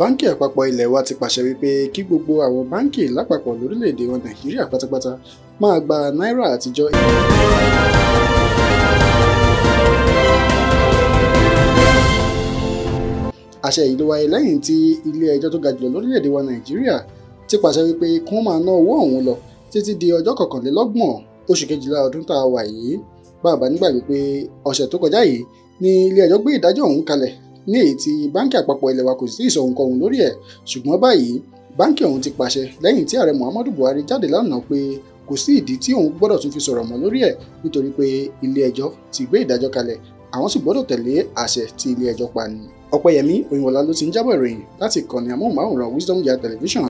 báńkì àpapọ̀ ilẹ̀ wa ti pàṣẹ wípé kí gbogbo àwọn báńkì lápapọ̀ lórílẹ̀‐èdè wa nàìjíríà pátápátá máa gba náírà àtijọ́. àṣẹ yìí ló wáyé lẹ́yìn tí ilé ẹjọ́ tó ga jùlọ lórílẹ̀‐èdè wa nàìjíríà ti pàṣẹ wípé kí wọ́n máa ná owó ọ̀hún lọ títí di ọjọ́ kọkànlélọ́gbọ̀n oṣù kejìlá ọdún tá a wà yìí bàbá nígbàgbé pé ọ̀sẹ̀ tó kọjá yìí ni ilé ẹjọ́ gbé ìdájọ́ ọ̀hún kalẹ̀ ní èyí tí báńkì àpapọ̀ ilẹ̀ wa kò sì sọ ohunkóhun lórí ẹ̀ ṣùgbọ́n báyìí báńkì ọ̀hún ti pàṣẹ lẹ́yìn tí ààrẹ Muhammadu Buhari jáde lánàá pé kò sí ìdí tí òun gbọ́dọ̀ tún fi sọ̀rọ̀ mọ́ lórí ẹ̀ nítorí pé ilé ẹjọ́ ti gbé ìdájọ́ kalẹ̀ àwọn sì gbọ́dọ̀ tẹ̀lé àṣẹ tí ilé ẹjọ́ pa ni. Ọ̀pẹyẹmí Òyìnbọ̀lá Wisdom Yard television